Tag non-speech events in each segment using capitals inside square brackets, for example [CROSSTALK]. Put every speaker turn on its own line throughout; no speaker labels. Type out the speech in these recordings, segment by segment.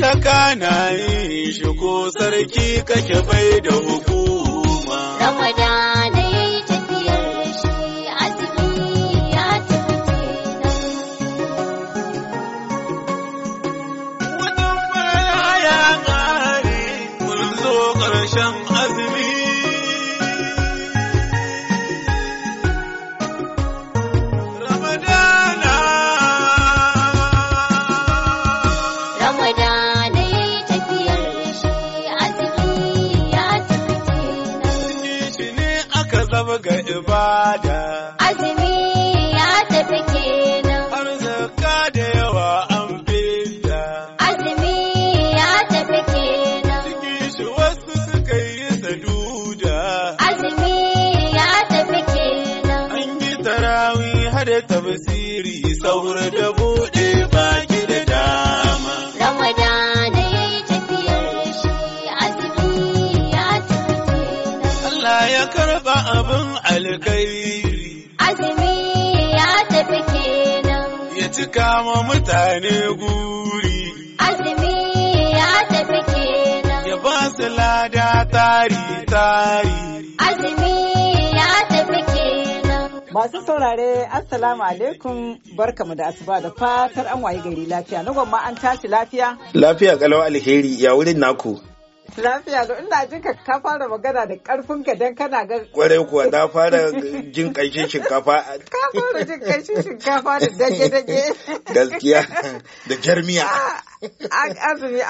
talaka na yin shi ko sarki kake bai da hukuma. ibada ma mutane guri. Azumi ya tafi kenan. Ya ba su lada tari
tari. Azumi ya tafi kenan. Masu saurare, Assalamu alaikum, barkamu da asuba da fatar an wayi gari lafiya. Na gwamma an tashi lafiya?
Lafiya kalau alheri, ya wurin naku.
Lafiya da ina jin ka fara magana da karfin ka dan kana ga
Kwarai kuwa na fara jin kaishin shinkafa.
Ka fara jin kaishin shinkafa da dage dage. Gaskiya
da jarmiya. [LAUGHS] Ah,
azumi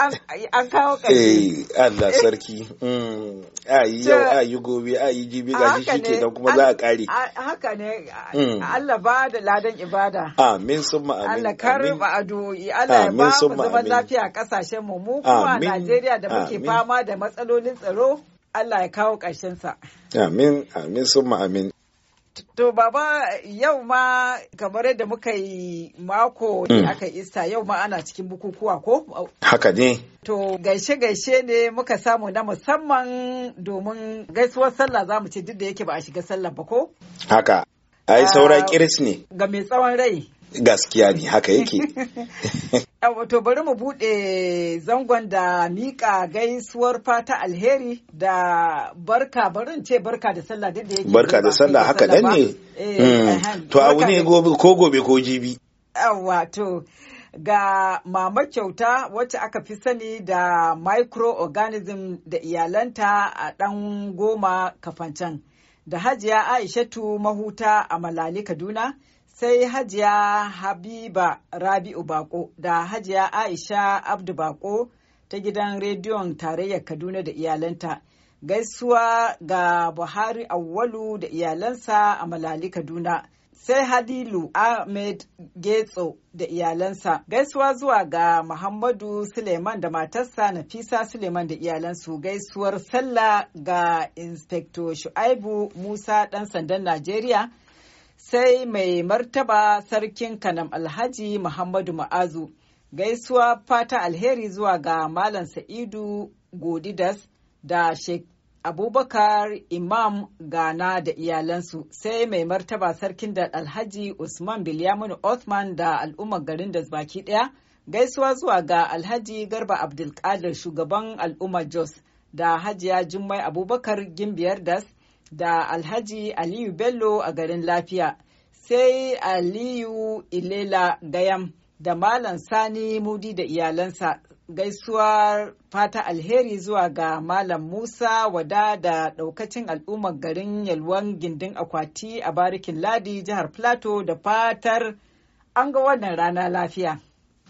an kawo ƙarshe. Eh,
Allah sarki. Mm, a yi yau, a yi gobe, a yi jibi ga shi ke dan kuma za a ƙare.
Haka ne, mm. Allah ba da ladan ibada.
Amin sun summa amin. Allah kar karba
addu'o'i, Allah ya ba mu zaman lafiya a ƙasashen mu, mu kuma a Najeriya da muke fama da matsalolin tsaro. Allah ya kawo ƙarshensa.
Amin, amin summa amin.
To baba yau ma kamar yadda muka yi mako da mm. aka ista yau ma ana cikin bukukuwa ko? Haka ne. To gaishe-gaishe ne muka samu na musamman domin gaisuwar sallah za mu ce duk da yake ba a shiga sallah ba ko? Haka. Ai saura ah, kiris ne. Ga mai tsawon rai.
Gaskiya ne haka yake. [LAUGHS]
to bari mu buɗe zangon da miƙa gaisuwar fata alheri da barka barin ce barka da sallah da yake barka da sallah haka dan ne eh, hmm. eh, eh, to a wuni
gobe ko gobe ko jibi
yawa to ga mama kyauta wacce aka fi sani da microorganism da iyalanta a ɗan goma kafancan da Hajiya Aishatu Mahuta a Malali Kaduna, sai Hajiya Habiba Rabi'u Bako da Hajiya Aisha Abdu Bako ta gidan rediyon tarayyar Kaduna da iyalanta. Gaisuwa ga Buhari Awwalu da iyalansa a Malali Kaduna sai Hadilu Ahmed Getso da iyalansa. Gaisuwa zuwa ga Muhammadu Suleiman da matarsa Nafisa Suleiman da iyalansu gaisuwar sallah ga Inspector Shu'aibu Musa ɗan sandan Najeriya. Sai mai martaba sarkin Kanam Alhaji Muhammadu Ma'azu. Gaisuwa fata alheri zuwa ga Malam Sa'idu Godidas da Sheikh abubakar imam gana da iyalansu sai mai martaba sarkin da alhaji usman bilyaminu othman da al'ummar garin da baki ɗaya. gaisuwa zuwa ga alhaji garba abdulkadir shugaban al'ummar jos da hajiya jummai abubakar gimbiyar das da alhaji aliyu bello a garin lafiya sai aliyu ilela gayam da malam sani mudi da iyalansa gaisuwar fata alheri zuwa ga Malam Musa wada da daukacin al'ummar garin Yalwan gindin akwati a barikin Ladi jihar Plateau da fatar an ga wannan rana lafiya.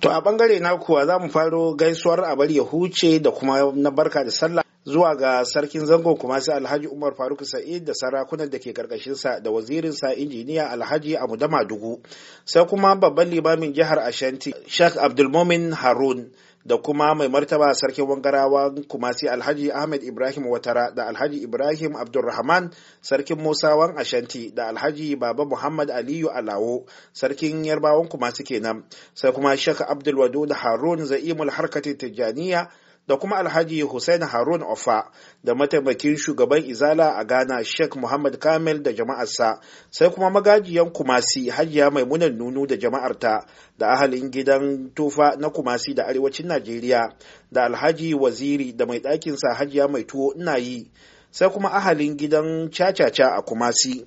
To a bangare na kuwa za mu faro gaisuwar a bari ya huce da kuma na barka da sallah zuwa ga sarkin zango kuma sai alhaji umar faruk sa'id da sarakunan da ke karkashinsa da wazirinsa injiniya alhaji abu dugu sai kuma babban limamin jihar ashanti sheikh abdulmomin harun da kuma mai martaba sarkin wangarawan kumasi alhaji ahmed ibrahim watara da alhaji ibrahim abdulrahman sarkin musawan ashanti da alhaji baba muhammad aliyu alawo sarkin yarbawan kumasi kenan sai kuma shek abdulwado da harun za'imul harkatin tijjaniya da kuma alhaji hussain harun ofa da mataimakin shugaban izala a ghana sheikh muhammad kamil da jama'arsa sai kuma magajiyan kumasi hajiya maimunan nunu da jama'arta da ahalin gidan tufa na kumasi da arewacin najeriya da alhaji waziri da mai ɗakinsa hajiya mai tuwo ina yi sai kuma ahalin gidan cacaca a kumasi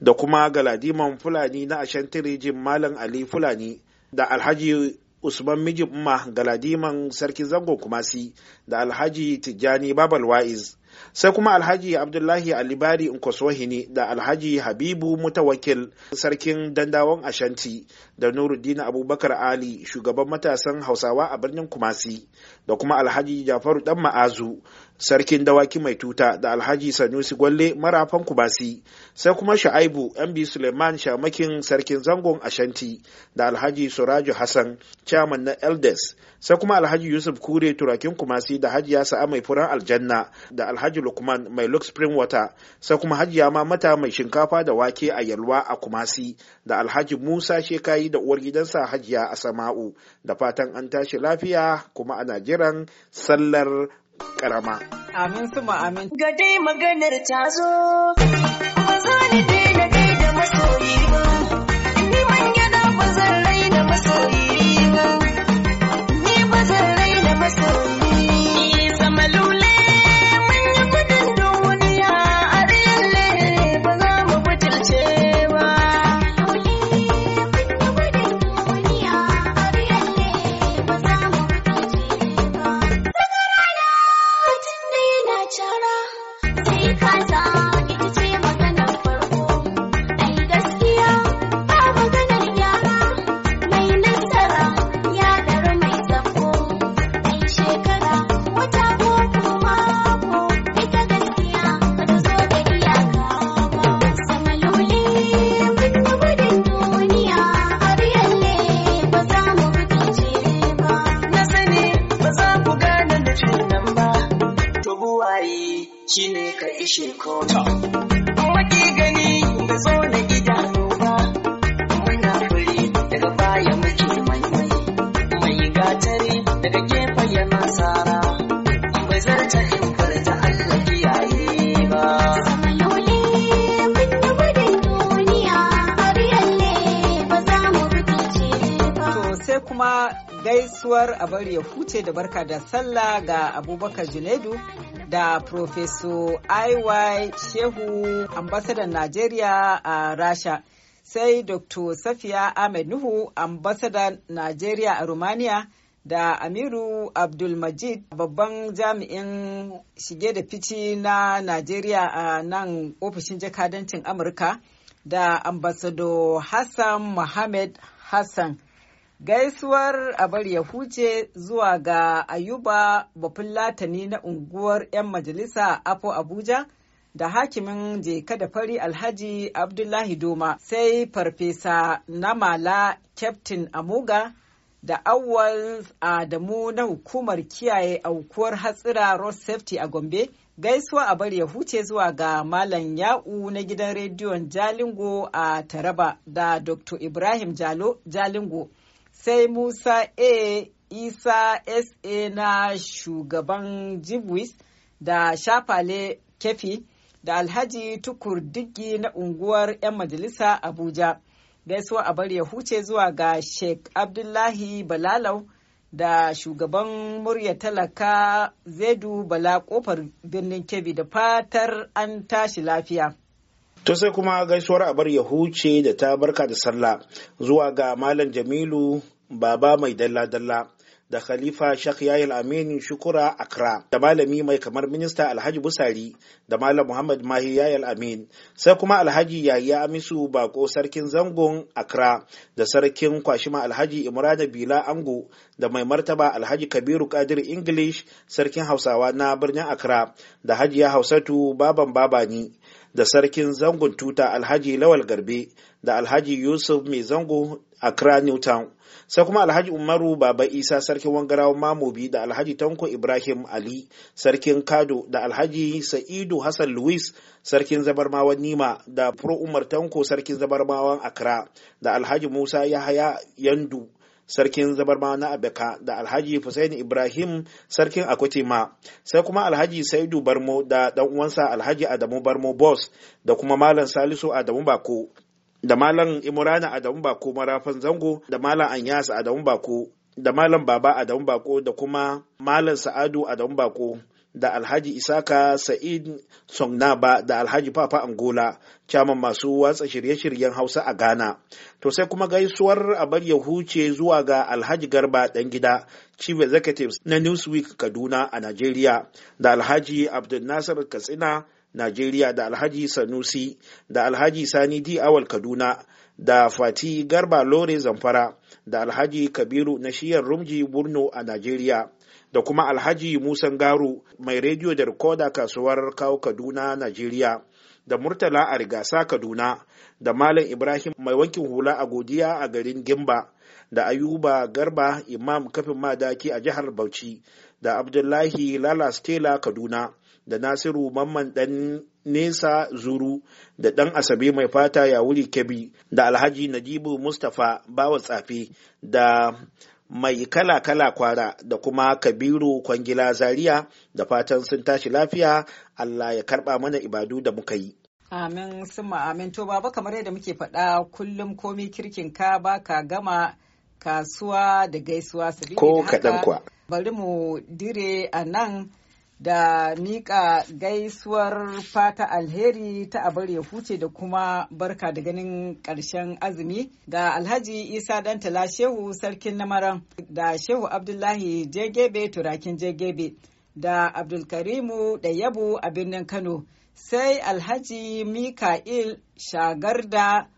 da kuma galadiman fulani na ashantirijin malam ali fulani da alhaji usman mijin umma galadiman sarki zango kumasi da alhaji tijjani babal wa'iz sai kuma alhaji abdullahi alibari nkoswahini da alhaji habibu mutawakil sarkin dandawan ashanti da nuruddin abubakar ali shugaban matasan hausawa a birnin kumasi da kuma alhaji jafaru dan ma'azu sarkin dawaki mai tuta da alhaji sanusi gwalle marafan Kumasi. sai kuma sha'aibu mb suleiman shamakin sarkin zangon ashanti da alhaji suraju hassan chairman na eldes sai kuma alhaji yusuf kure turakin kumasi da hajiya sa'a mai furan aljanna da alhaji lukman mai lux spring water sai kuma hajiya mata mai shinkafa da wake a yalwa a kumasi da alhaji musa shekayi da uwar gidansa hajiya a sama'u da fatan an tashi lafiya kuma ana jiran sallar karama
amin su amin maganar ta zo ba za ni bar a bari ya huce da barka da sallah ga abubakar junaidu da profeso iy shehu ambasadan najeriya a rasha sai dr safiya ahmed nuhu ambasadan najeriya a romania da Amiru Abdulmajid babban jami'in shige da fici na Najeriya a nan ofishin jakadancin Amurka da ambasado Hassan Mohammed Hassan Gaisuwar a abar ya huce zuwa ga Ayuba Bafin Latani na unguwar 'yan majalisa Afo Abuja da hakimin jeka da fari Alhaji Abdullahi Doma sai Farfesa Namala Kyaftin Amuga da awwal Adamu na hukumar kiyaye aukuwar hatsira Road Safety a Gombe gaisuwa a bari ya huce zuwa ga Malam Ya'u na gidan rediyon Jalingo a Taraba da Dr. Ibrahim Jalo Jalingo sai Musa A. Isa S.A. na shugaban Jibwis da Shafale Kefi da Alhaji Tukur Diggi na unguwar 'yan majalisa Abuja. Gaisuwa a bar ya huce zuwa ga Sheikh Abdullahi Balalau da shugaban murya talaka Zaidu Bala kofar birnin Kebbi da fatar an tashi lafiya.
To sai kuma gaisuwar abar ya huce da ta barka da sallah zuwa ga Malam Jamilu Baba mai dalla-dalla da Khalifa Sheikh Yahya Aminu Shukura akra da malami mai kamar minista Alhaji Busari da Malam Muhammad Mahi Yahya Amin sai kuma Alhaji Yahya Amisu Bako sarkin zangon akra da sarkin Kwashima Alhaji Imrada Bila Ango da mai martaba Alhaji Kabiru Kadir English sarkin Hausawa na birnin akra da Hajiya Hausatu Baban Babani da sarkin zangon tuta alhaji lawal garbe da alhaji yusuf mai zango accra newtown sai kuma alhaji umaru baba isa sarkin wangarawa mamobi da alhaji tanko ibrahim ali sarkin kado da alhaji sa'idu hassan luis sarkin zabarmawan nima da pro umar tanko sarkin zabarmawan accra da alhaji musa yahaya yandu sarkin zabarma na abeka da alhaji Fusaini ibrahim sarkin akutima sai kuma alhaji saidu barmo da dan uwansa alhaji adamu barmo boss da kuma malam salisu adamu bako da malam imurana adamu bako marafan zango da malam anyas adamu bako da malam baba adamu bako da kuma malam sa'adu adamu bako da alhaji isaka sa'id songnaba da alhaji papa angola caman masu watsa shirye-shiryen hausa a ghana to sai kuma gaisuwar a bar ya huce zuwa ga alhaji garba dan gida chief executive na newsweek kaduna a nigeria da alhaji abdulnasir katsina nigeria da alhaji sanusi da alhaji sani di awal kaduna da fati garba lore zamfara da alhaji kabiru na shiyar rumji burno a nigeria da kuma alhaji musan garu mai rediyo da rikoda kasuwar kawo kaduna najeriya da murtala a rigasa kaduna da malam ibrahim mai wankin hula a godiya a garin gimba da ayuba garba imam kafin madaki a jihar bauchi da abdullahi lala stela kaduna da nasiru mamman dan nesa zuru da dan asabe mai fata ya wuri kebi da alhaji najibu mustapha bawa tsafe da mai kala-kala kwara da kuma kabiru kwangila zaria da fatan sun tashi lafiya allah ya karba mana ibadu da muka yi
amin suma amin to baba kamar yadda muke faɗa kullum komi kirkin ka baka gama kasuwa da gaisuwa ko kaɗan kwa bari mu dire a nan da mika gaisuwar fata alheri ta ya huce da kuma barka da ganin ƙarshen azumi ga alhaji isa dantala shehu sarkin namaran da shehu abdullahi jegebe turakin jegebe da abdulkarimu da yabo a birnin kano sai alhaji mika'il shagarda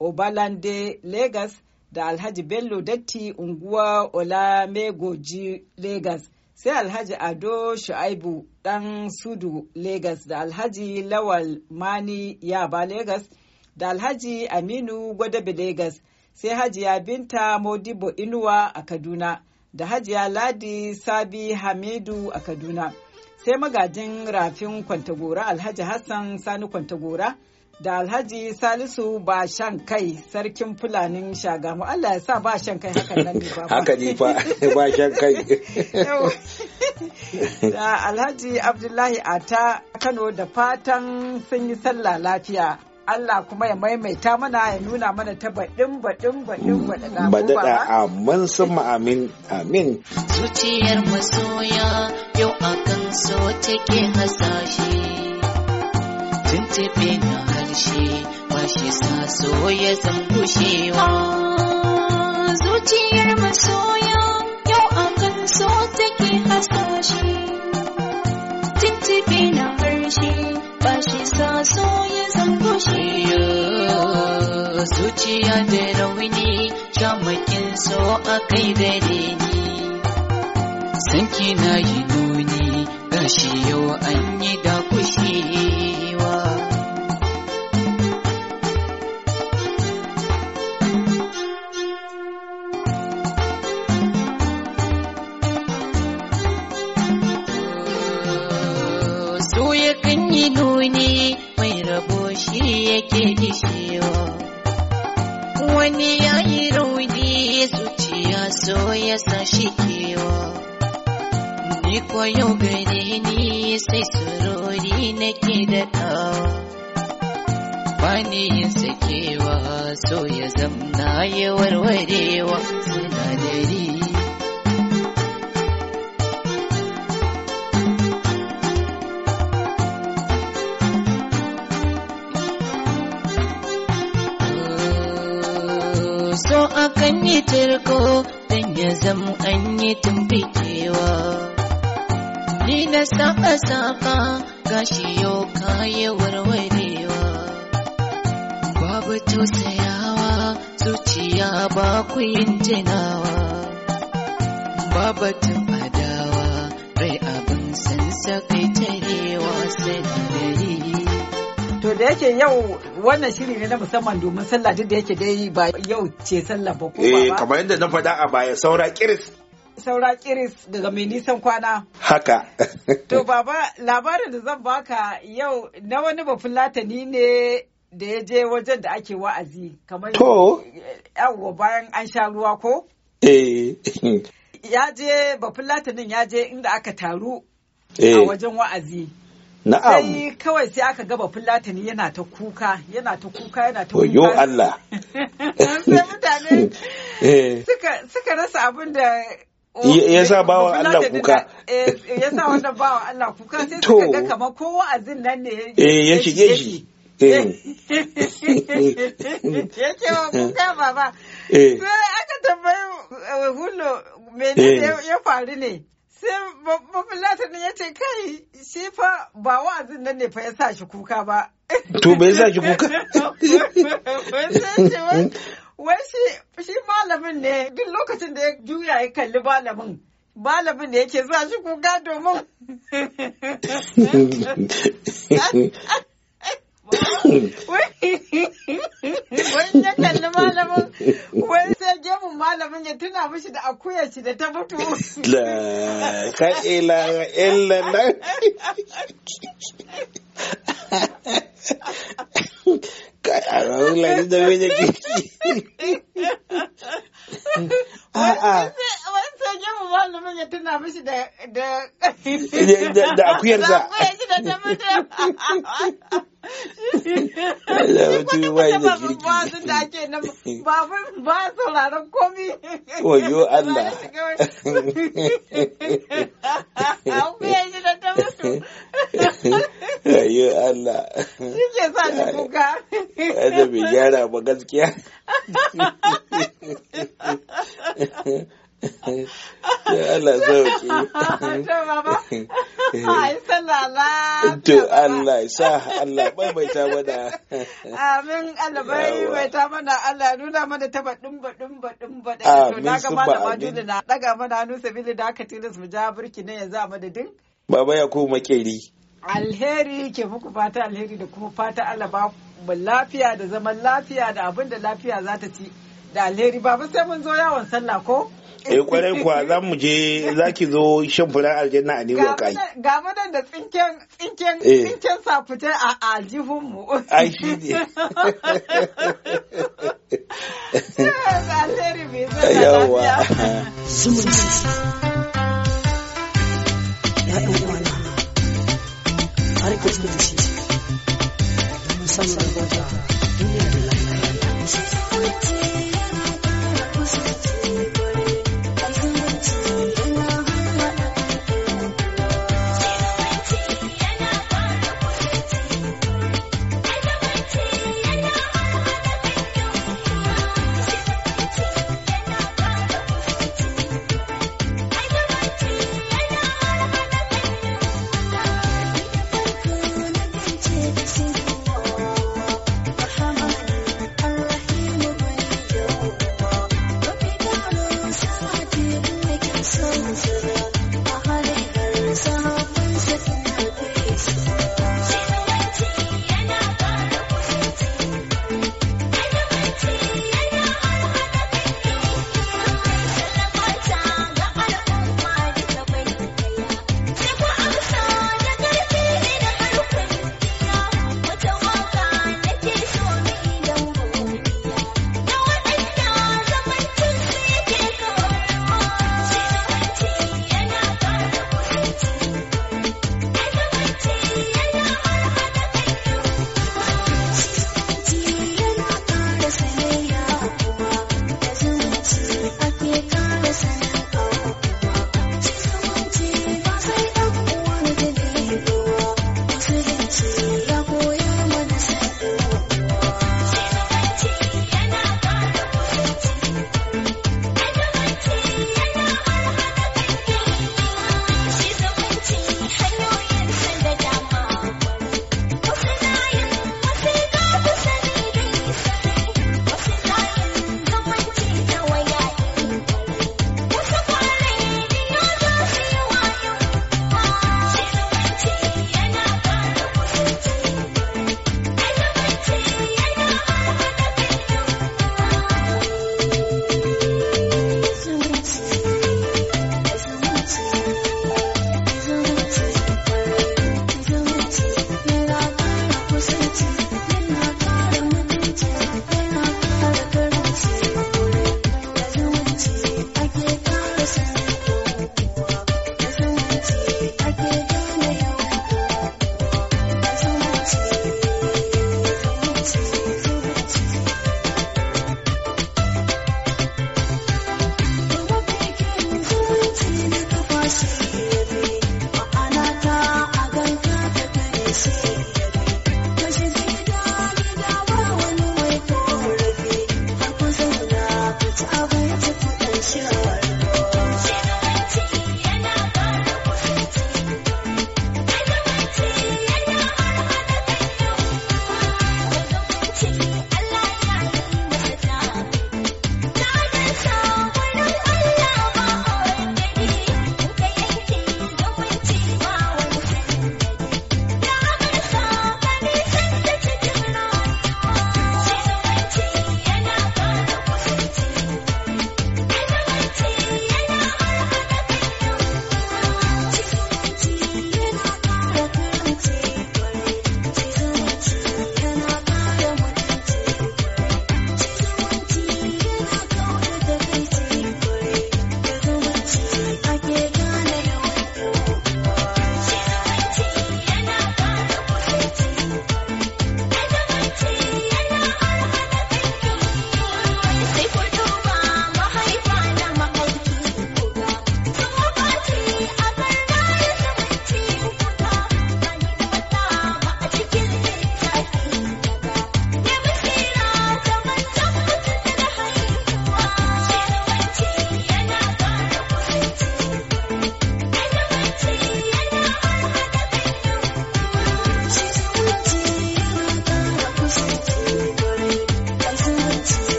obalande lagos da alhaji bello datti unguwa olamegoji lagos sai alhaji ado shu'aibu dan sudu Legas da alhaji lawal mani yaba Legas da alhaji aminu gwadabi Legas sai hajiya binta modibo inuwa a kaduna da hajiya ladi sabi hamidu a kaduna sai magajin rafin kwantagora alhaji hassan sani kwantagora da alhaji salisu ba shan kai sarkin fulanin shagamu allah ya sa ba shan kai hakan nan ba haka
ne ba shan kai
da alhaji abdullahi ata kano da fatan sun yi sallah lafiya Allah kuma ya maimaita mana ya nuna mana ta baɗin baɗin baɗin baɗin baɗaɗa.
a mun sun amin amin.
Zuciyar
masoya yau akan so take hasashe. tun Tuntube shi ba shi sa so ya zan gushewa
zuciyar masoya yau kan so take hasashe tintibi na harshe ba shi sa so ya zan gushewa zuciya da
rauni jamakin so a kai gare ni sanki na yi nuni shi yau an yi da bani yin sakewa so ya
zamna ya warwarewa suna dare.
so akan yi tarko don ya zama an yi tumbikewa. ni na saka safa. gashi yau kaye warwarewa babu tausayawa zuciya ba ku yin jinawa babu
adawa, rai abin san sakai tarewa sai To da yake yau wannan shiri ne na musamman domin sallah duk da yake dai ba yau ce sallah ba ko ba. Eh
kamar yadda na faɗa a baya saura kiris
saura kiris daga mai nisan kwana. Haka. [LAUGHS] to baba labarin da zan baka yau na wani bafin latani ne da ya je wajen da ake wa'azi kamar to yawwa bayan an sha ruwa ko? Eh. ya je bafin latanin ya je inda aka taru a eh. wajen wa'azi. Na'am. Sai kawai sai aka ga Fulatani yana ta kuka, yana ta kuka, yana ta kuka. Yo Allah. [LAUGHS] Sai mutane
[LAUGHS] eh.
suka rasa abin da Oh, eh, eh, eh, ya sa bawa Allah kuka ya sa ba bawa Allah kuka sai suka ga kamar ko wa'azin nan ne ya shige shi [LAUGHS] ya ce wa kuka baba sai aka tambayi hullo menene ya faru ne sai bafulata latin ya ce kai shi fa ba wa'azin nan ne fa ya sa shi kuka ba
to bai sa shi kuka
[LAUGHS] wai shi malamin ne duk lokacin da ya juya ya kalli malamin malamin ne yake sa shi kuka domin [LAUGHS] Wani ya kalli malamin, wani sai gemun malamin ya tuna mishi da akuyar shi da ta mutu.
La ka ila illa la. Kai a rawun lari da wani
A'a.
malamin ya tuna mishi da da da akuyarsa. Da akuyarsa da ta mutu Awa wai da kirki ba ba sauraron komi
oyo Allah oyo Allah shi
ke sa ni kuka wanda bai
gyara ba gaskiya [LAUGHS] Eh, eh, ya Allah sauki to eh. Allah ya sa Allah baibaita mana
amin Allah baibaita mana Allah nuna mana ta dumba dumba dumba da to na da maju da na daga mana hannu sabili da aka tilas mu ja burki ne yanzu a madadin
baba ya ko makeri
alheri ke muku fata alheri da kuma fata Allah ba lafiya da zaman lafiya da abin da lafiya za ta ci da alheri baba sai mun zo yawon sallah ko eh kware kuwa za
mu je za ki zo shan fura aljanna a ne wa kai
ga madan da tsinken tsinken eh. tsinken sa safute a aljihun mu ai shi ne [LAUGHS] yawa zumunci ya ɗan uwana har ke zumunci
musamman wajen